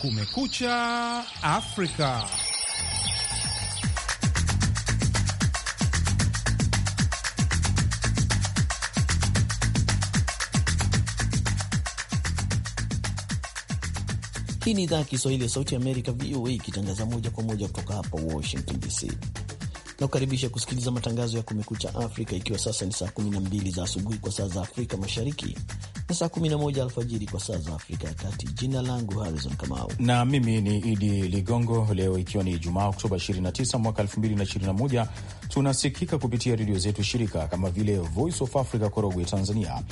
Kumekucha Afrika. Hii ni idhaa ya Kiswahili ya Sauti Amerika, VOA, ikitangaza moja kwa moja kutoka hapa Washington DC. Nakukaribisha kusikiliza matangazo ya Kumekucha Afrika, ikiwa sasa ni saa 12 za asubuhi kwa saa za Afrika Mashariki saa 11 alfajiri kwa saa za Afrika ya Kati. Jina langu Harrison Kamau na mimi ni Idi Ligongo. Leo ikiwa ni Ijumaa, Oktoba 29 mwaka 2021, tunasikika kupitia redio zetu shirika kama vile Voice of Africa Korogwe Tanzania,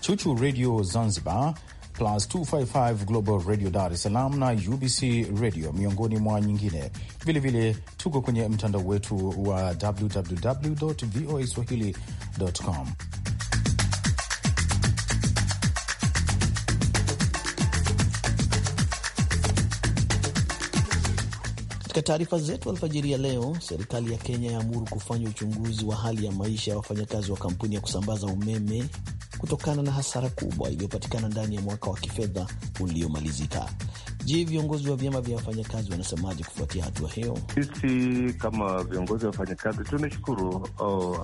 Chuchu Redio Zanzibar, Plus 255 Global Radio Dar es Salaam na UBC Radio miongoni mwa nyingine. Vilevile tuko kwenye mtandao wetu wa www voa swahili.com. Katika taarifa zetu alfajiri ya leo, serikali ya Kenya yaamuru kufanya uchunguzi wa hali ya maisha ya wafanyakazi wa kampuni ya kusambaza umeme kutokana na hasara kubwa iliyopatikana ndani ya mwaka wa kifedha uliomalizika. Je, viongozi wa vyama vya wafanyakazi wanasemaje kufuatia hatua hiyo? Sisi kama viongozi wa wafanyakazi tunashukuru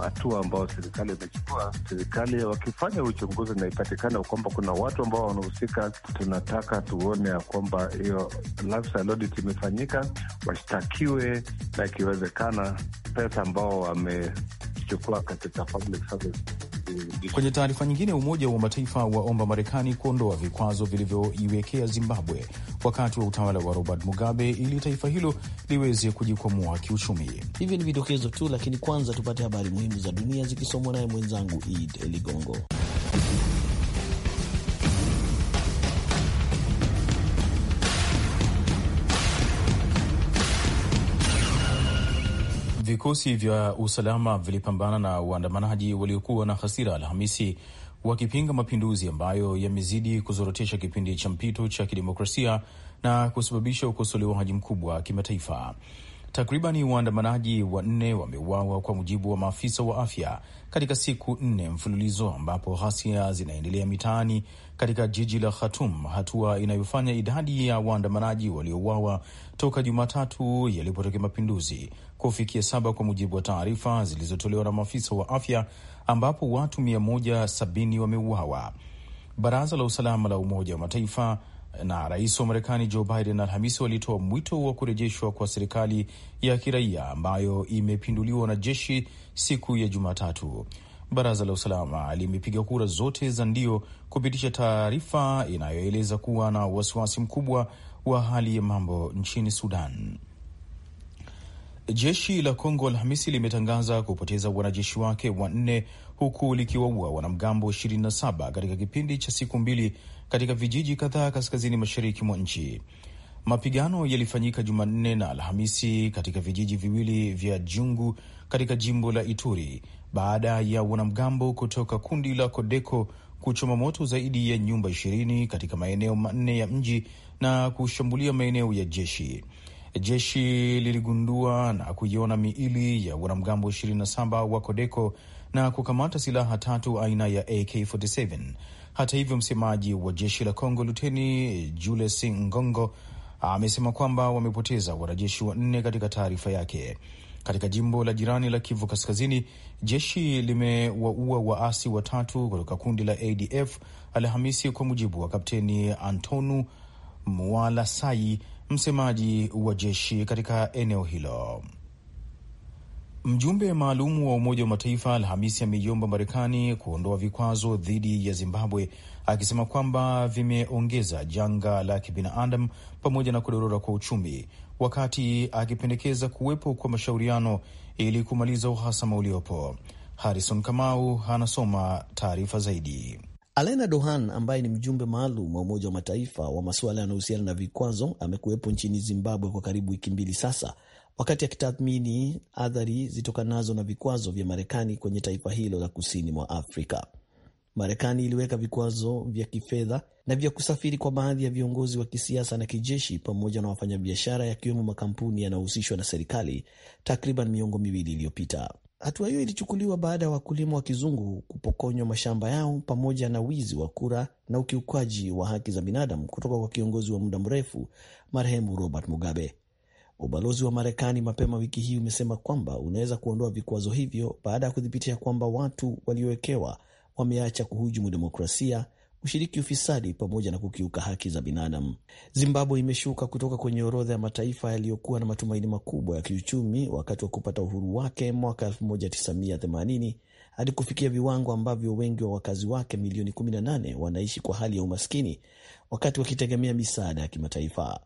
hatua ambayo serikali imechukua. Serikali wakifanya uchunguzi na ipatikana kwamba kuna watu ambao wanahusika, tunataka tuone ya kwamba hiyo lifestyle audit imefanyika, washtakiwe na ikiwezekana pesa ambao wamechukua katika public service Kwenye taarifa nyingine, Umoja wa Mataifa waomba Marekani kuondoa vikwazo vilivyoiwekea Zimbabwe wakati wa utawala wa Robert Mugabe ili taifa hilo liweze kujikwamua kiuchumi. Hivyo ni vidokezo tu, lakini kwanza tupate habari muhimu za dunia zikisomwa naye mwenzangu Id Ligongo. Vikosi vya usalama vilipambana na waandamanaji waliokuwa na hasira Alhamisi wakipinga mapinduzi ambayo yamezidi kuzorotesha kipindi cha mpito cha kidemokrasia na kusababisha ukosolewaji mkubwa kimataifa. Takribani waandamanaji wanne wameuawa kwa mujibu wa maafisa wa afya katika siku nne mfululizo ambapo ghasia zinaendelea mitaani katika jiji la Khartoum, hatua inayofanya idadi ya waandamanaji waliouawa toka Jumatatu yalipotokea mapinduzi kufikia saba kwa mujibu wa taarifa zilizotolewa na maafisa wa afya, ambapo watu 170 wameuawa. Baraza la usalama la Umoja wa Mataifa na rais wa Marekani Joe Biden Alhamisi walitoa mwito wa kurejeshwa kwa serikali ya kiraia ambayo imepinduliwa na jeshi siku ya Jumatatu. Baraza la usalama limepiga kura zote za ndio kupitisha taarifa inayoeleza kuwa na wasiwasi mkubwa wa hali ya mambo nchini Sudan. Jeshi la Kongo Alhamisi limetangaza kupoteza wanajeshi wake wanne huku likiwaua wanamgambo 27 katika kipindi cha siku mbili katika vijiji kadhaa kaskazini mashariki mwa nchi. Mapigano yalifanyika Jumanne na Alhamisi katika vijiji viwili vya Jungu katika jimbo la Ituri baada ya wanamgambo kutoka kundi la Kodeko kuchoma moto zaidi ya nyumba ishirini katika maeneo manne ya mji na kushambulia maeneo ya jeshi. Jeshi liligundua na kuiona miili ya wanamgambo 27 wa Kodeko na kukamata silaha tatu aina ya AK47. Hata hivyo, msemaji wa jeshi la congo Luteni Jules Ngongo amesema kwamba wamepoteza wanajeshi wanne katika taarifa yake. Katika jimbo la jirani la Kivu Kaskazini, jeshi limewaua waasi watatu kutoka kundi la ADF Alhamisi, kwa mujibu wa Kapteni Antonu Mwalasai, msemaji wa jeshi katika eneo hilo. Mjumbe maalum wa Umoja wa Mataifa Alhamisi ameiomba Marekani kuondoa vikwazo dhidi ya Zimbabwe, akisema kwamba vimeongeza janga la kibinadamu pamoja na kudorora kwa uchumi, wakati akipendekeza kuwepo kwa mashauriano ili kumaliza uhasama uliopo. Harrison Kamau anasoma taarifa zaidi. Alena Dohan ambaye ni mjumbe maalum wa Umoja wa Mataifa wa masuala yanayohusiana na vikwazo amekuwepo nchini Zimbabwe kwa karibu wiki mbili sasa wakati akitathmini athari zitokanazo na vikwazo vya Marekani kwenye taifa hilo la kusini mwa Afrika. Marekani iliweka vikwazo vya kifedha na vya kusafiri kwa baadhi ya viongozi wa kisiasa na kijeshi pamoja na wafanyabiashara, yakiwemo makampuni yanayohusishwa na serikali takriban miongo miwili iliyopita. Hatua hiyo ilichukuliwa baada ya wakulima wa kizungu kupokonywa mashamba yao pamoja na wizi wa kura na ukiukaji wa haki za binadamu kutoka kwa kiongozi wa muda mrefu marehemu Robert Mugabe. Ubalozi wa Marekani mapema wiki hii umesema kwamba unaweza kuondoa vikwazo hivyo baada ya kuthibitisha kwamba watu waliowekewa wameacha kuhujumu demokrasia, kushiriki ufisadi pamoja na kukiuka haki za binadamu. Zimbabwe imeshuka kutoka kwenye orodha ya mataifa yaliyokuwa na matumaini makubwa ya kiuchumi wakati wa kupata uhuru wake mwaka 1980 hadi kufikia viwango ambavyo wengi wa wakazi wake milioni 18 wanaishi kwa hali ya umaskini wakati wakitegemea misaada ya kimataifa.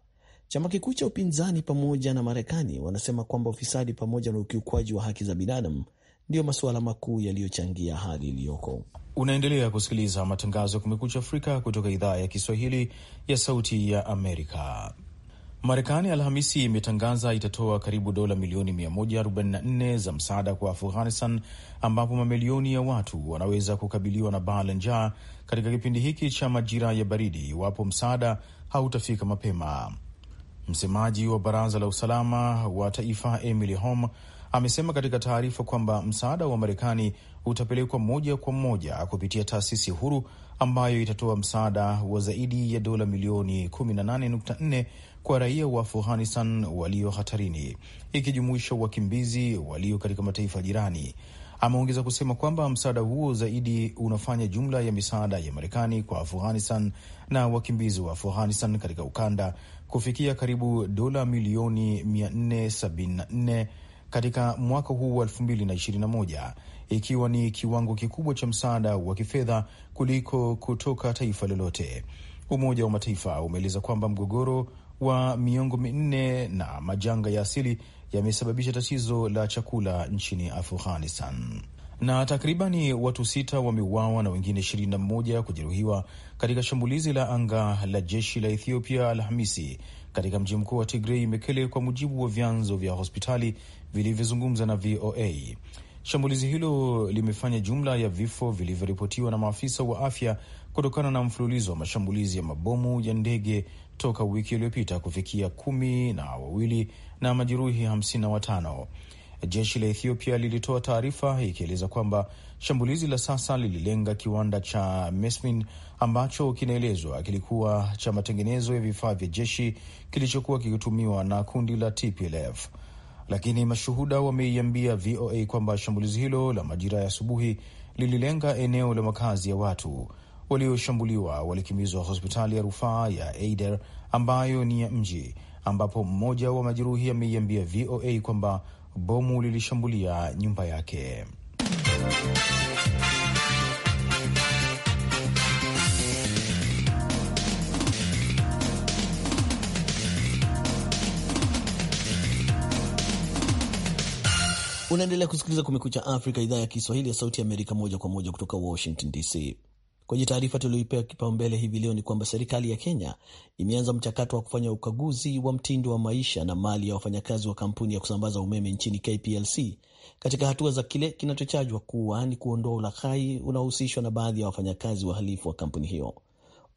Chama kikuu cha upinzani pamoja na Marekani wanasema kwamba ufisadi pamoja na ukiukwaji wa haki za binadamu ndiyo masuala makuu yaliyochangia hali iliyoko. Unaendelea kusikiliza matangazo ya Kumekucha Afrika kutoka idhaa ya Kiswahili ya Sauti ya Amerika. Marekani Alhamisi imetangaza itatoa karibu dola milioni 144 za msaada kwa Afghanistan, ambapo mamilioni ya watu wanaweza kukabiliwa na baa la njaa katika kipindi hiki cha majira ya baridi iwapo msaada hautafika mapema. Msemaji wa baraza la usalama wa taifa Emily Holm amesema katika taarifa kwamba msaada wa Marekani utapelekwa moja kwa moja kupitia taasisi huru ambayo itatoa msaada wa zaidi ya dola milioni 18.4 kwa raia wa Afghanistan walio hatarini, ikijumuisha wakimbizi walio katika mataifa jirani. Ameongeza kusema kwamba msaada huo zaidi unafanya jumla ya misaada ya Marekani kwa Afghanistan na wakimbizi wa Afghanistan katika ukanda kufikia karibu dola milioni 474 katika mwaka huu wa 2021 ikiwa ni kiwango kikubwa cha msaada wa kifedha kuliko kutoka taifa lolote. Umoja wa Mataifa umeeleza kwamba mgogoro wa miongo minne na majanga ya asili yamesababisha tatizo la chakula nchini Afghanistan na takribani watu sita wameuawa na wengine 21 kujeruhiwa katika shambulizi la anga la jeshi la Ethiopia Alhamisi katika mji mkuu wa Tigrei, Mekele, kwa mujibu wa vyanzo vya hospitali vilivyozungumza na VOA. Shambulizi hilo limefanya jumla ya vifo vilivyoripotiwa na maafisa wa afya kutokana na mfululizo wa mashambulizi ya mabomu ya ndege toka wiki iliyopita kufikia kumi na wawili na majeruhi hamsini na watano. Jeshi la Ethiopia lilitoa taarifa ikieleza kwamba shambulizi la sasa lililenga kiwanda cha Mesmin ambacho kinaelezwa kilikuwa cha matengenezo ya vifaa vya jeshi kilichokuwa kikitumiwa na kundi la TPLF, lakini mashuhuda wameiambia VOA kwamba shambulizi hilo la majira ya asubuhi lililenga eneo la makazi ya watu walioshambuliwa walikimbizwa hospitali ya rufaa ya Eider ambayo ni ya mji, ambapo mmoja wa majeruhi ameiambia VOA kwamba bomu lilishambulia nyumba yake. Unaendelea kusikiliza Kumekucha Afrika, idhaa ya Kiswahili ya Sauti ya Amerika, moja kwa moja kutoka Washington DC. Kwenye taarifa tulioipewa kipaumbele hivi leo ni kwamba serikali ya Kenya imeanza mchakato wa kufanya ukaguzi wa mtindo wa maisha na mali ya wafanyakazi wa kampuni ya kusambaza umeme nchini KPLC katika hatua za kile kinachochajwa kuwa ni kuondoa ulaghai unaohusishwa na baadhi ya wafanyakazi wahalifu wa kampuni hiyo.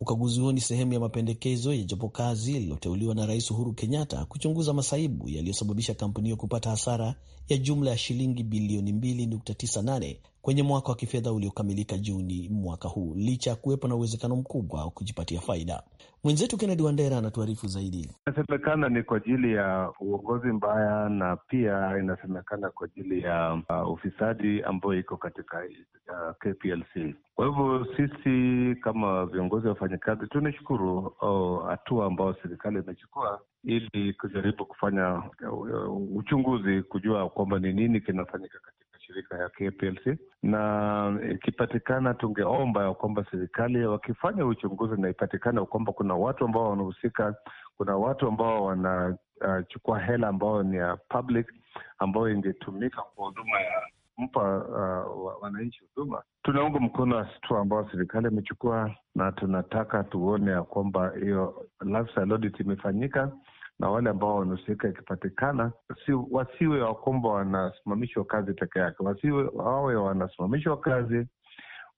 Ukaguzi huo ni sehemu ya mapendekezo ya jopo kazi lililoteuliwa na Rais Uhuru Kenyatta kuchunguza masaibu yaliyosababisha kampuni hiyo kupata hasara ya jumla ya shilingi bilioni 2.98 kwenye mwaka wa kifedha uliokamilika Juni mwaka huu, licha ya kuwepo na uwezekano mkubwa wa kujipatia faida. Mwenzetu Kennedy Wandera anatuarifu zaidi. Inasemekana ni kwa ajili ya uongozi mbaya na pia inasemekana kwa ajili ya uh, ufisadi ambayo iko katika uh, KPLC. Kwa hivyo sisi kama viongozi wa wafanyakazi tunashukuru uh, hatua ambayo serikali imechukua ili kujaribu kufanya uh, uchunguzi kujua kwamba ni nini kinafanyika katika mashirika ya KPLC, na ikipatikana tungeomba ya kwamba serikali wakifanya uchunguzi na ipatikana kwamba kuna watu ambao wanahusika, kuna watu ambao wanachukua uh, hela ambao ni ya public ambayo ingetumika kwa huduma ya mpa uh, wananchi huduma. Tunaunga mkono hatua ambayo serikali imechukua, na tunataka tuone ya kwamba hiyo lifestyle audit imefanyika na wale ambao wanahusika ikipatikana si, wasiwe wakwamba wanasimamishwa kazi peke yake, wasiwe wawe wanasimamishwa kazi,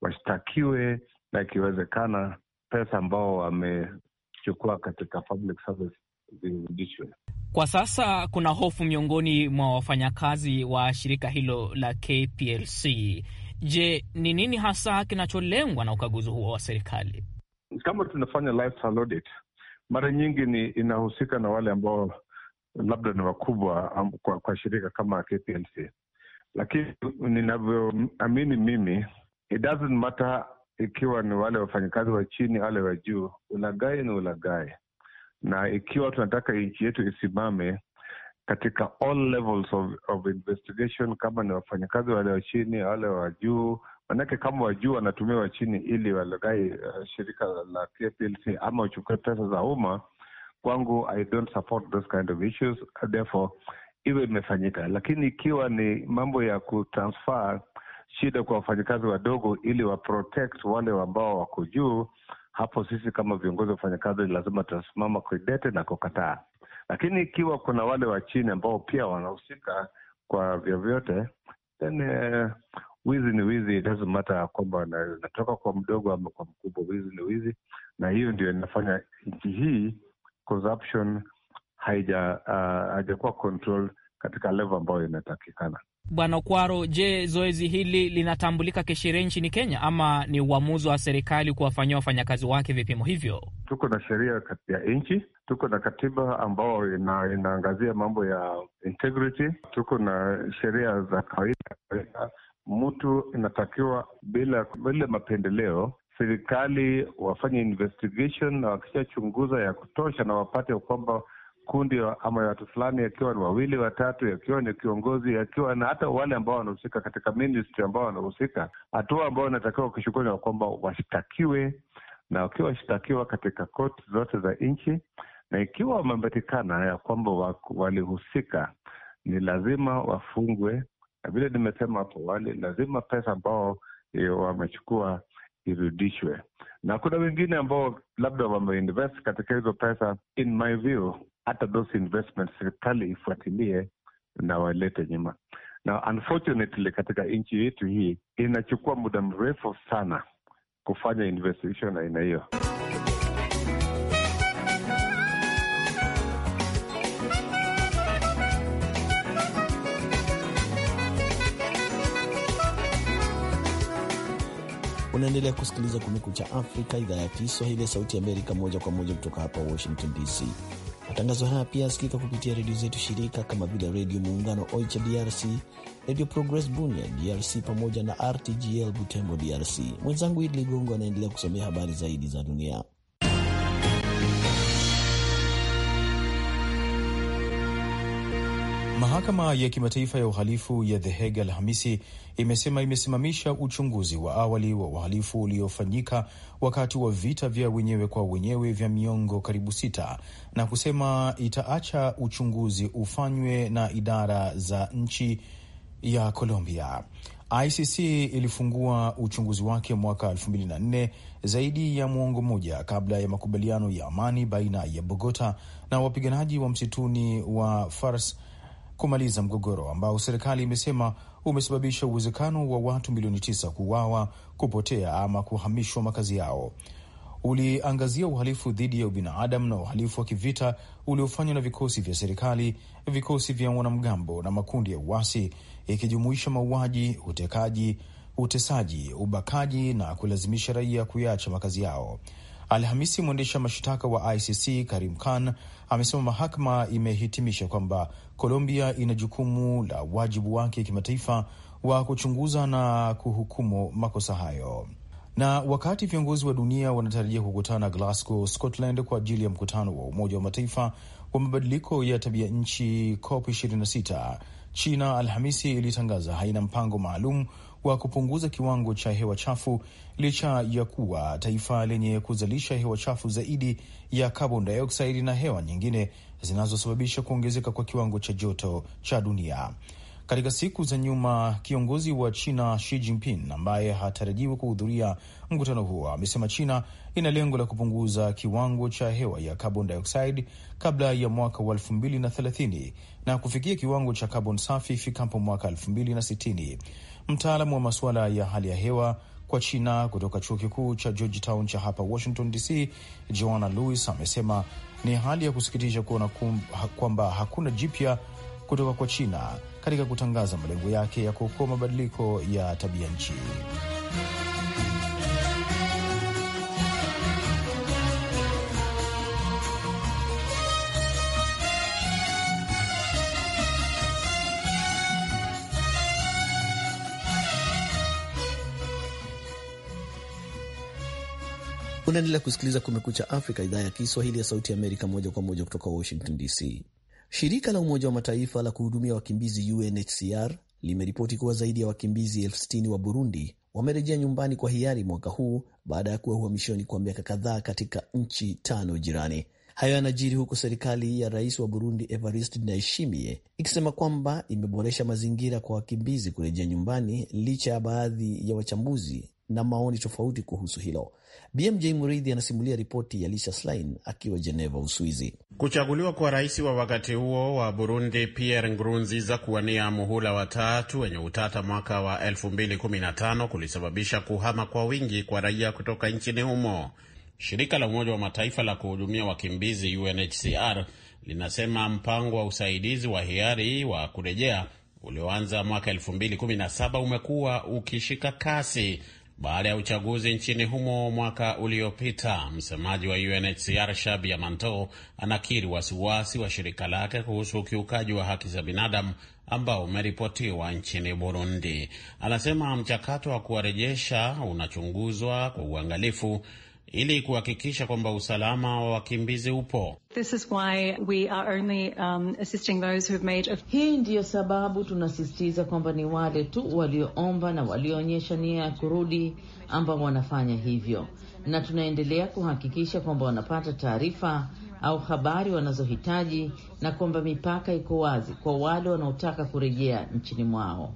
washtakiwe na ikiwezekana pesa ambao wamechukua katika public service zirudishwe. Kwa sasa kuna hofu miongoni mwa wafanyakazi wa shirika hilo la KPLC. Je, ni nini hasa kinacholengwa na ukaguzi huo wa serikali? Kama tunafanya audit, mara nyingi ni inahusika na wale ambao labda ni wakubwa kwa, kwa shirika kama KPLC, lakini ninavyoamini mimi, it doesn't matter ikiwa ni wale wafanyakazi wa chini wale wa juu, ulagai ni ulagai na ikiwa tunataka nchi yetu isimame katika all levels of, of investigation, kama ni wafanyakazi wale wa chini wale wa juu Manake kama wajuu wa chini ili walogai uh, eh, shirika la KPLC ama uchukue pesa za umma, kwangu I don't support those kind of issues, therefore iwe imefanyika. Lakini ikiwa ni mambo ya kutransfer shida kwa wafanyakazi wadogo ili wa wale ambao wako juu, hapo sisi kama viongozi wa wafanyakazi lazima tutasimama kidete na kukataa. Lakini ikiwa kuna wale wa chini ambao pia wanahusika kwa vyovyote, then uh, wizi ni wizi, lazima hata kwamba natoka kwa mdogo ama kwa mkubwa, wizi ni wizi, na hiyo ndio inafanya nchi hii corruption haija uh, haijakuwa control katika level ambayo inatakikana. Bwana Kwaro, je, zoezi hili linatambulika kisheria nchini Kenya ama ni uamuzi wa serikali kuwafanyia wafanyakazi wake vipimo hivyo? Tuko na sheria ya nchi, tuko na katiba ambayo ina, inaangazia mambo ya integrity, tuko na sheria za kawaida kawaida mtu inatakiwa bila bila mapendeleo, serikali wafanye investigation na wakishachunguza ya kutosha, na wapate kwamba kundi ama watu fulani, yakiwa ni wawili watatu, yakiwa ni kiongozi, yakiwa na hata wale ambao wanahusika katika ministry ambao wanahusika, hatua ambao inatakiwa kuchukua ni kwamba washtakiwe, na wakiwa washtakiwa katika koti zote za nchi, na ikiwa wamepatikana ya kwamba walihusika, ni lazima wafungwe na vile nimesema hapo awali, lazima pesa ambao eh, wamechukua irudishwe, na kuna wengine ambao labda wameinvest katika hizo pesa. In my view, hata those investments serikali ifuatilie na walete nyuma, na unfortunately katika nchi yetu hii inachukua muda mrefu sana kufanya investigation aina hiyo. Unaendelea kusikiliza Kumekucha Afrika, idhaa ya Kiswahili ya Sauti Amerika, moja kwa moja kutoka hapa Washington DC. Matangazo haya pia yasikika kupitia redio zetu shirika kama vile Redio Muungano Oicha DRC, Redio Progress Bunia DRC, pamoja na RTGL Butembo DRC. Mwenzangu Idi Ligongo anaendelea kusomea habari zaidi za dunia. Mahakama ya Kimataifa ya Uhalifu ya The Hague Alhamisi imesema imesimamisha uchunguzi wa awali wa uhalifu uliofanyika wakati wa vita vya wenyewe kwa wenyewe vya miongo karibu sita na kusema itaacha uchunguzi ufanywe na idara za nchi ya Colombia. ICC ilifungua uchunguzi wake mwaka 2004 zaidi ya mwongo mmoja kabla ya makubaliano ya amani baina ya Bogota na wapiganaji wa msituni wa Fars kumaliza mgogoro ambao serikali imesema umesababisha uwezekano wa watu milioni tisa kuuawa, kupotea ama kuhamishwa makazi yao. Uliangazia uhalifu dhidi ya ubinadamu na uhalifu wa kivita uliofanywa na vikosi vya serikali, vikosi vya wanamgambo na makundi ya uasi, ikijumuisha mauaji, utekaji, utesaji, ubakaji na kulazimisha raia kuyaacha makazi yao. Alhamisi, mwendesha mashtaka wa ICC Karim Khan amesema mahakama imehitimisha kwamba Colombia ina jukumu la wajibu wake kimataifa wa kuchunguza na kuhukumu makosa hayo. Na wakati viongozi wa dunia wanatarajia kukutana Glasgow, Scotland kwa ajili ya mkutano wa Umoja wa Mataifa wa mabadiliko ya tabia nchi COP 26, China Alhamisi ilitangaza haina mpango maalum wa kupunguza kiwango cha hewa chafu licha ya kuwa taifa lenye kuzalisha hewa chafu zaidi ya carbon dioxide na hewa nyingine zinazosababisha kuongezeka kwa kiwango cha joto cha dunia. Katika siku za nyuma, kiongozi wa China Xi Jinping ambaye hatarajiwi kuhudhuria mkutano huo amesema China ina lengo la kupunguza kiwango cha hewa ya carbon dioxide kabla ya mwaka wa elfu mbili na thelathini na kufikia kiwango cha carbon safi ifikapo mwaka elfu mbili na sitini mtaalamu wa masuala ya hali ya hewa kwa China kutoka chuo kikuu cha Georgetown cha hapa Washington DC, Joanna Lewis amesema ni hali ya kusikitisha kuona kwamba hakuna jipya kutoka kwa China katika kutangaza malengo yake ya kuokoa mabadiliko ya tabia nchi. Unaendelea kusikiliza Kumekucha Afrika, idhaa ya Kiswahili ya Sauti ya Amerika, moja kwa moja kutoka Washington DC. Shirika la Umoja wa Mataifa la kuhudumia wakimbizi UNHCR limeripoti kuwa zaidi ya wakimbizi elfu sitini wa Burundi wamerejea nyumbani kwa hiari mwaka huu baada ya kuwa uhamishoni kwa miaka kadhaa katika nchi tano jirani. Hayo yanajiri huku serikali ya rais wa Burundi Evariste Ndayishimiye ikisema kwamba imeboresha mazingira kwa wakimbizi kurejea nyumbani, licha ya baadhi ya wachambuzi na maoni tofauti kuhusu hilo. BMJ Muridhi anasimulia ripoti ya Lisha Slain akiwa Jeneva, Uswizi. Kuchaguliwa kwa rais wa wakati huo wa Burundi Pierre Nkurunziza kuwania muhula wa tatu wenye utata mwaka wa 2015 kulisababisha kuhama kwa wingi kwa raia kutoka nchini humo. Shirika la Umoja wa Mataifa la kuhudumia wakimbizi UNHCR linasema mpango wa usaidizi wa hiari wa kurejea ulioanza mwaka 2017 umekuwa ukishika kasi baada ya uchaguzi nchini humo mwaka uliopita. Msemaji wa UNHCR Shabia Manto anakiri wasiwasi wa shirika lake kuhusu ukiukaji wa haki za binadamu ambao umeripotiwa nchini Burundi. Anasema mchakato wa kuwarejesha unachunguzwa kwa uangalifu ili kuhakikisha kwamba usalama wa wakimbizi upo. This is why we are only, um, assisting those who have made a... Hii ndiyo sababu tunasisitiza kwamba ni wale tu walioomba na walioonyesha nia ya kurudi ambao wanafanya hivyo, na tunaendelea kuhakikisha kwamba wanapata taarifa au habari wanazohitaji na kwamba mipaka iko wazi kwa wale wanaotaka kurejea nchini mwao.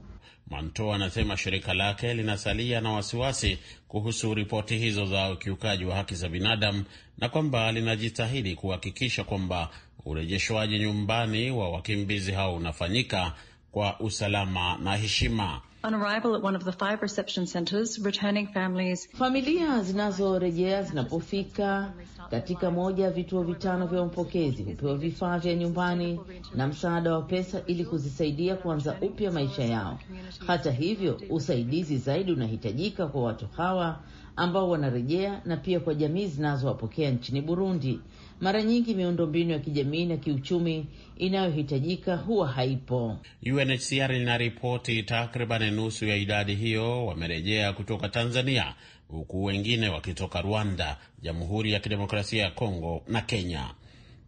Manto anasema shirika lake linasalia na wasiwasi kuhusu ripoti hizo za ukiukaji wa haki za binadamu na kwamba linajitahidi kuhakikisha kwamba urejeshwaji nyumbani wa wakimbizi hao unafanyika kwa usalama na heshima. On arrival at one of the five reception centers, returning families... Familia zinazorejea zinapofika katika moja ya vituo vitano vya mpokezi hupewa vifaa vya nyumbani na msaada wa pesa ili kuzisaidia kuanza upya maisha yao. Hata hivyo, usaidizi zaidi unahitajika kwa watu hawa ambao wanarejea na pia kwa jamii zinazowapokea nchini Burundi mara nyingi miundombinu ya kijamii na kiuchumi inayohitajika huwa haipo. UNHCR linaripoti takriban nusu ya idadi hiyo wamerejea kutoka Tanzania, huku wengine wakitoka Rwanda, Jamhuri ya Kidemokrasia ya Kongo na Kenya.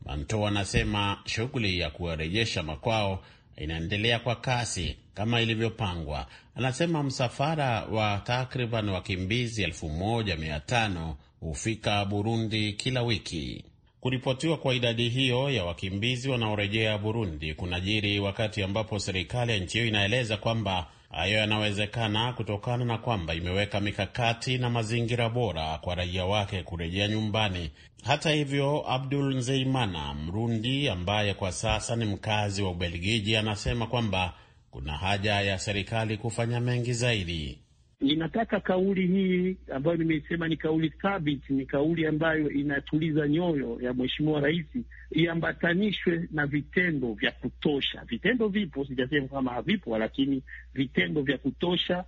Manto anasema shughuli ya kuwarejesha makwao inaendelea kwa kasi kama ilivyopangwa. Anasema msafara wa takriban wakimbizi elfu moja mia tano hufika Burundi kila wiki. Kuripotiwa kwa idadi hiyo ya wakimbizi wanaorejea Burundi kunajiri wakati ambapo serikali ya nchi hiyo inaeleza kwamba hayo yanawezekana kutokana na kwamba imeweka mikakati na mazingira bora kwa raia wake kurejea nyumbani. Hata hivyo, Abdul Nzeimana Mrundi ambaye kwa sasa ni mkazi wa Ubelgiji anasema kwamba kuna haja ya serikali kufanya mengi zaidi. Ninataka kauli hii ambayo nimeisema ni kauli thabiti, ni kauli ambayo inatuliza nyoyo ya mheshimiwa rais, iambatanishwe na vitendo vya kutosha. Vitendo vipo, sijasema kama havipo, lakini vitendo vya kutosha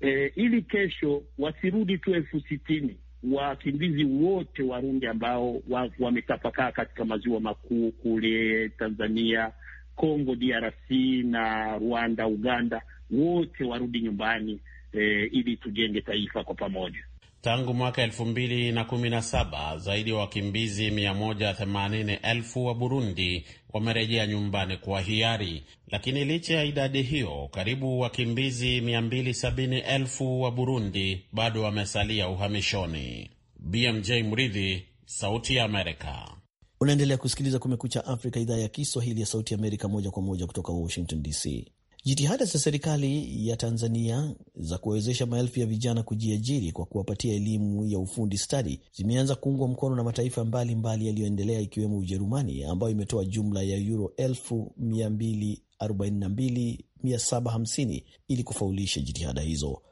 eh, ili kesho wasirudi tu elfu sitini wakimbizi wote Warundi ambao wametapakaa wa katika maziwa makuu kule Tanzania, Kongo DRC na Rwanda, Uganda, wote warudi nyumbani e, ili tujenge taifa kwa pamoja. Tangu mwaka elfu mbili na kumi na saba zaidi ya wakimbizi mia moja themanini elfu wa Burundi wamerejea nyumbani kwa hiari, lakini licha ya idadi hiyo, karibu wakimbizi mia mbili sabini elfu wa Burundi bado wamesalia uhamishoni. BMJ Mridhi, Sauti ya Amerika. Unaendelea kusikiliza Kumekucha Afrika, idhaa ya Kiswahili ya Sauti ya Amerika, moja kwa moja kutoka Washington DC. Jitihada za serikali ya Tanzania za kuwawezesha maelfu ya vijana kujiajiri kwa kuwapatia elimu ya ufundi stadi zimeanza kuungwa mkono na mataifa mbalimbali yaliyoendelea ikiwemo Ujerumani ambayo imetoa jumla ya euro 242,750 ili kufaulisha jitihada hizo.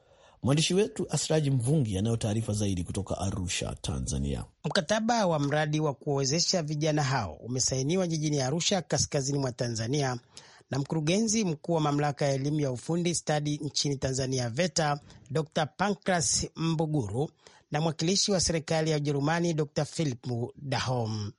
Mwandishi wetu Asraji Mvungi anayo taarifa zaidi kutoka Arusha, Tanzania. Mkataba wa mradi wa kuwawezesha vijana hao umesainiwa jijini Arusha, kaskazini mwa Tanzania na mkurugenzi mkuu wa mamlaka ya elimu ya ufundi stadi nchini Tanzania VETA Dr Pancras Mbuguru na mwakilishi wa serikali ya Ujerumani Dr Philip Dahom.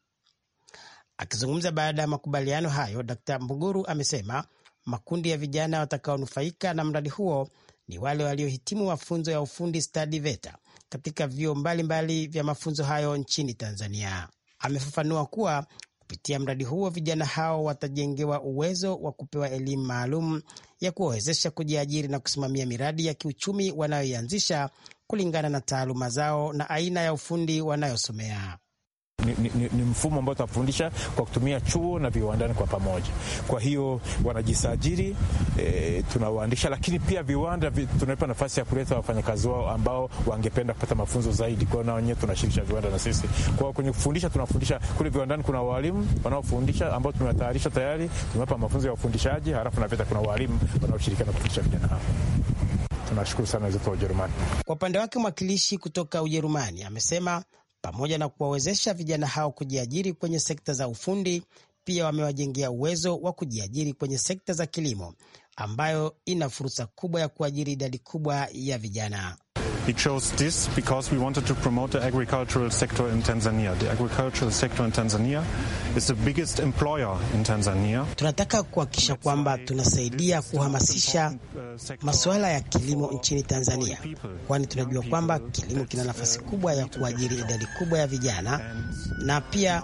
Akizungumza baada ya makubaliano hayo, Dr Mbuguru amesema makundi ya vijana watakaonufaika na mradi huo ni wale waliohitimu mafunzo ya ufundi stadi VETA katika vyuo mbalimbali vya mafunzo hayo nchini Tanzania. Amefafanua kuwa Kupitia mradi huo, vijana hao watajengewa uwezo wa kupewa elimu maalum ya kuwawezesha kujiajiri na kusimamia miradi ya kiuchumi wanayoianzisha kulingana na taaluma zao na aina ya ufundi wanayosomea ni, ni, ni mfumo ambao tunafundisha kwa kutumia chuo na viwandani kwa pamoja. Kwa hiyo wanajisajili e, tunawaandisha, lakini pia viwanda vi, tunaipa nafasi ya kuleta wafanyakazi wao ambao wangependa kupata mafunzo zaidi. Kwa hiyo na wenyewe tunashirikisha viwanda na sisi. Kwa hiyo kwenye kufundisha tunafundisha kule viwandani, kuna walimu wanaofundisha ambao tumewatayarisha tayari, tumewapa mafunzo ya ufundishaji, halafu na pia kuna walimu wanaoshirikiana kufundisha vijana hao. Tunashukuru sana wenzetu wa Ujerumani. Kwa upande wake mwakilishi kutoka Ujerumani amesema pamoja na kuwawezesha vijana hao kujiajiri kwenye sekta za ufundi. Pia wamewajengea uwezo wa kujiajiri kwenye sekta za kilimo ambayo ina fursa kubwa ya kuajiri idadi kubwa ya vijana. We chose this because we wanted to promote the agricultural sector in Tanzania. The agricultural sector in Tanzania is the biggest employer in Tanzania. Tunataka kuhakikisha kwamba tunasaidia kuhamasisha masuala ya kilimo nchini Tanzania, kwani tunajua kwamba kilimo kina nafasi kubwa ya kuajiri idadi kubwa ya vijana na pia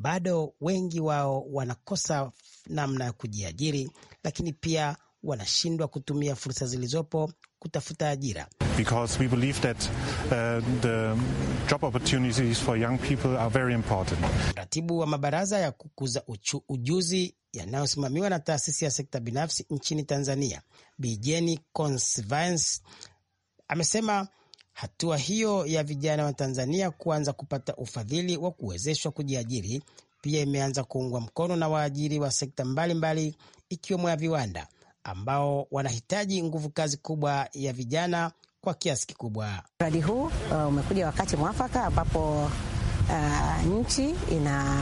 bado wengi wao wanakosa namna ya kujiajiri, lakini pia wanashindwa kutumia fursa zilizopo kutafuta ajira. that, uh, wa mabaraza ya kukuza uchu, ujuzi yanayosimamiwa na taasisi ya sekta binafsi nchini Tanzania, Bijeni Consvance amesema Hatua hiyo ya vijana wa Tanzania kuanza kupata ufadhili wa kuwezeshwa kujiajiri pia imeanza kuungwa mkono na waajiri wa sekta mbalimbali ikiwemo ya viwanda ambao wanahitaji nguvu kazi kubwa ya vijana kwa kiasi kikubwa. Mradi huu uh, umekuja wakati mwafaka ambapo uh, nchi ina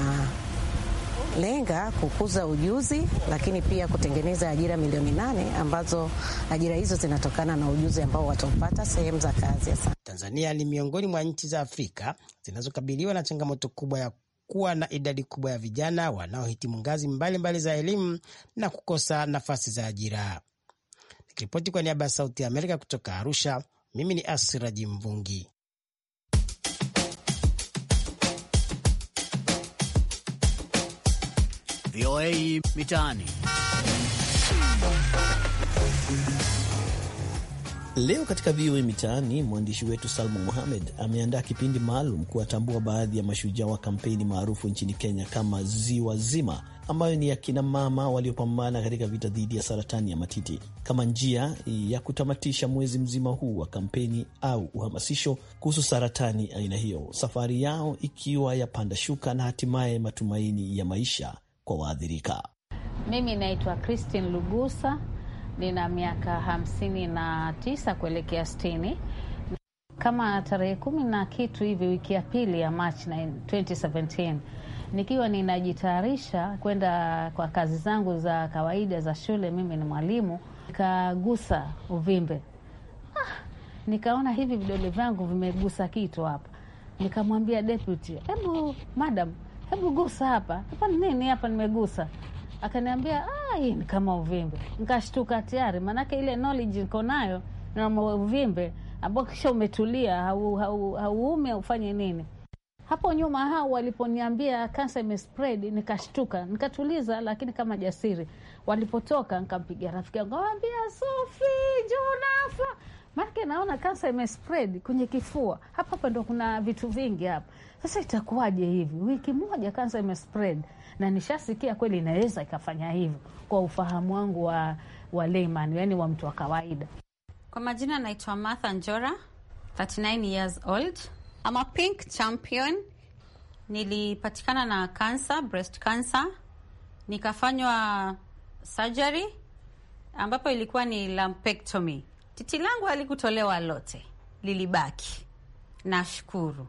lenga kukuza ujuzi, lakini pia kutengeneza ajira milioni nane ambazo ajira hizo zinatokana na ujuzi ambao wataupata sehemu za kazi. Tanzania ni miongoni mwa nchi za Afrika zinazokabiliwa na changamoto kubwa ya kuwa na idadi kubwa ya vijana wanaohitimu ngazi mbalimbali za elimu na kukosa nafasi za ajira. Nikiripoti kwa niaba ya Sauti ya Amerika kutoka Arusha, mimi ni Asiraji Mvungi. VOA Mitaani. Leo katika VOA Mitaani, mwandishi wetu Salma Mohamed ameandaa kipindi maalum kuwatambua baadhi ya mashujaa wa kampeni maarufu nchini Kenya kama Ziwa Zima, ambayo ni akina mama waliopambana katika vita dhidi ya saratani ya matiti, kama njia ya kutamatisha mwezi mzima huu wa kampeni au uhamasisho kuhusu saratani aina hiyo, safari yao ikiwa ya panda shuka na hatimaye matumaini ya maisha kwa waathirika. Mimi naitwa Christine Lugusa, nina miaka hamsini na tisa kuelekea sitini. Kama tarehe kumi na kitu hivi, wiki ya pili ya March 2017 nikiwa ninajitayarisha kwenda kwa kazi zangu za kawaida za shule, mimi ni mwalimu, nikagusa uvimbe ah, nikaona hivi vidole vyangu vimegusa kitu hapa, nikamwambia deputy, hebu madam hebu gusa hapa, hapa nini hapa, nimegusa akaniambia ah, hii ni kama uvimbe. Nikashtuka tayari, maanake ile knowledge niko nayo na uvimbe ambao kisha umetulia, hauume hau, hau ufanye nini. Hapo nyuma hao waliponiambia kansa imespread, nikashtuka nikatuliza, lakini kama jasiri. Walipotoka nkampiga rafiki yangu, awambia Sofi, Jonafa maanake naona kansa imespread kwenye kifua hapa hapa, ndo kuna vitu vingi hapa. Sasa itakuwaje hivi? Wiki moja kansa imespread, na nishasikia kweli inaweza ikafanya hivyo, kwa ufahamu wangu wa, wa layman, yani wa mtu wa kawaida. Kwa majina anaitwa Martha Njora, 39 years old. I'm a pink champion. Nilipatikana na kansa, breast cancer, nikafanywa surgery ambapo ilikuwa ni lumpectomy. Titi langu alikutolewa lote, lilibaki. Nashukuru.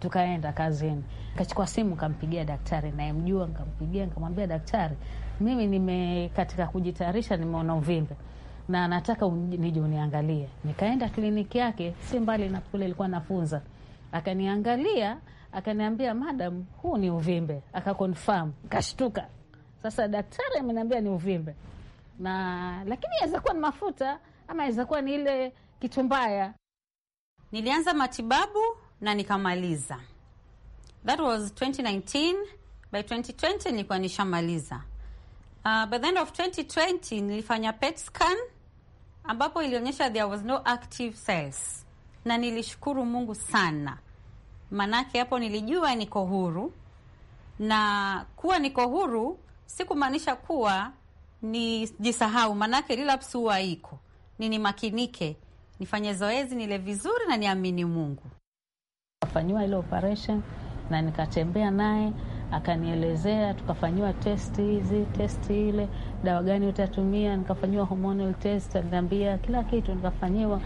Tukaenda kazini, kachukua simu, kampigia daktari nayemjua, nkampigia nkamwambia, daktari, mimi nime katika kujitayarisha, nimeona uvimbe na nataka nije uniangalie. Nikaenda kliniki yake, si mbali na kule ilikuwa nafunza. Akaniangalia, akaniambia, madam, huu ni uvimbe. Akakonfirm, kashtuka. Sasa daktari ameniambia ni uvimbe na lakini aweza kuwa ni mafuta ama inaweza kuwa ni ile kitu mbaya. Nilianza matibabu na nikamaliza, that was 2019. By 2020 nilikuwa nishamaliza. Uh, by the end of 2020 nilifanya PET scan ambapo ilionyesha there was no active cells, na nilishukuru Mungu sana, manake hapo nilijua niko huru, na kuwa niko huru sikumaanisha kuwa ni jisahau, manake relapse huwa iko ninimakinike, nifanye zoezi, nile vizuri na niamini Mungu. Kafanyiwa ile operation na nikatembea naye akanielezea, tukafanyiwa test hizi testi ile, dawa gani utatumia. Nikafanyiwa hormonal test, aliniambia kila kitu nikafanyiwa,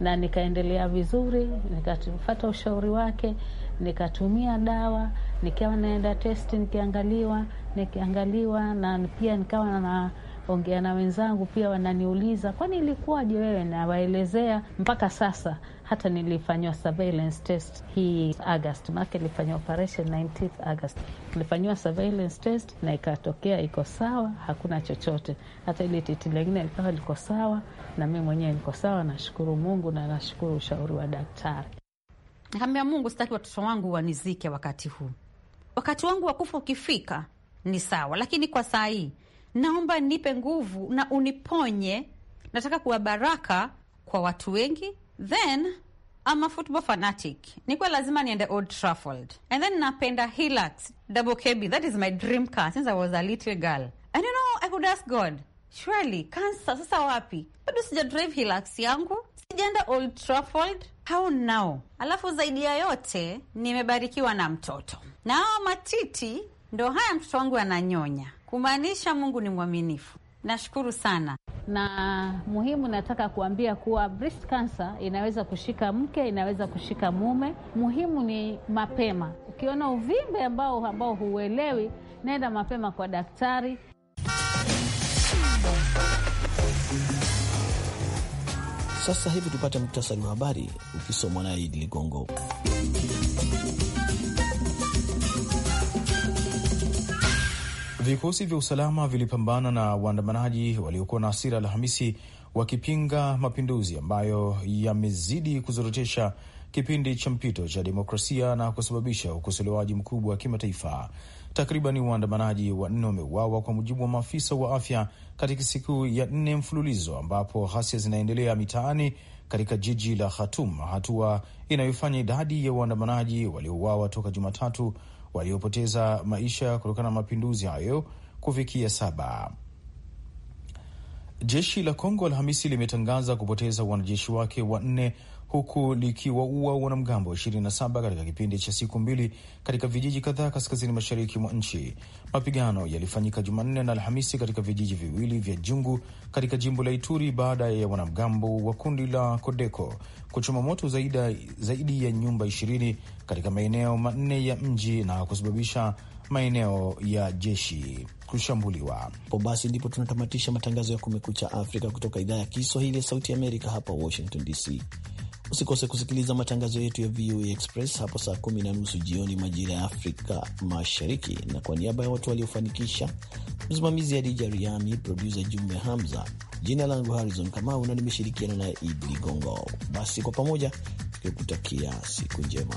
na nikaendelea vizuri, nikafata ushauri wake, nikatumia dawa, nikawa naenda testi, nikiangaliwa, nikiangaliwa na pia nikawa na ongea na wenzangu pia wananiuliza kwani ilikuwaje wewe, nawaelezea mpaka sasa hata nilifanyiwa surveillance test hii August, maake ilifanyiwa operation 19th August, nilifanyiwa surveillance test na ikatokea iko sawa, hakuna chochote. Hata ile titi lengine likawa liko sawa, na mi mwenyewe niko sawa. Nashukuru Mungu na nashukuru ushauri wa daktari. Nakaambia Mungu, sitaki watoto wangu wanizike wakati huu, wakati wangu wa kufa ukifika ni sawa, lakini kwa saa hii naomba nipe nguvu na uniponye, nataka kuwa baraka kwa watu wengi then ama football fanatic nikuwa lazima niende Old Trafford and then napenda Hilux double cab. That is my dream car since I was a little girl and you know I could ask God surely kansa sasa wapi, bado sija drive Hilux yangu, sijaenda Old Trafford how now. Alafu zaidi ya yote nimebarikiwa na mtoto na matiti, ndo haya mtoto wangu ananyonya kumaanisha Mungu ni mwaminifu. Nashukuru sana na muhimu, nataka kuambia kuwa breast cancer inaweza kushika mke, inaweza kushika mume. Muhimu ni mapema. Ukiona uvimbe ambao ambao huuelewi, naenda mapema kwa daktari. Sasa hivi tupate muktasari wa habari ukisomwa na Idi Ligongo. Vikosi vya usalama vilipambana na waandamanaji waliokuwa na hasira Alhamisi wakipinga mapinduzi ambayo yamezidi kuzorotesha kipindi cha mpito cha demokrasia na kusababisha ukosolewaji mkubwa wa kimataifa. Takriban waandamanaji wanne wameuawa kwa mujibu wa maafisa wa afya katika siku ya nne mfululizo ambapo ghasia zinaendelea mitaani katika jiji la Khartoum, hatua inayofanya idadi ya waandamanaji waliouawa toka Jumatatu waliopoteza maisha kutokana na mapinduzi hayo kufikia saba. Jeshi la Kongo Alhamisi limetangaza kupoteza wanajeshi wake wanne huku likiwaua wanamgambo 27 katika kipindi cha siku mbili katika vijiji kadhaa kaskazini mashariki mwa nchi. Mapigano yalifanyika Jumanne na Alhamisi katika vijiji viwili vya Jungu katika jimbo la Ituri baada ya wanamgambo wa kundi la Kodeko kuchoma moto zaidi, zaidi ya nyumba 20 katika maeneo manne ya mji na kusababisha maeneo ya jeshi kushambuliwa. Po basi ndipo tunatamatisha matangazo ya Kumekucha Afrika kutoka idhaa ya Kiswahili ya Sauti Amerika hapa Washington DC. Usikose kusikiliza matangazo yetu ya VOA Express hapo saa kumi na nusu jioni majira ya Afrika Mashariki. Na kwa niaba ya watu waliofanikisha, msimamizi Adija Riami, produsa Jumbe Hamza, jina langu Harrison Kamau na nimeshirikiana na Idi Ligongo. Basi kwa pamoja tukikutakia siku njema.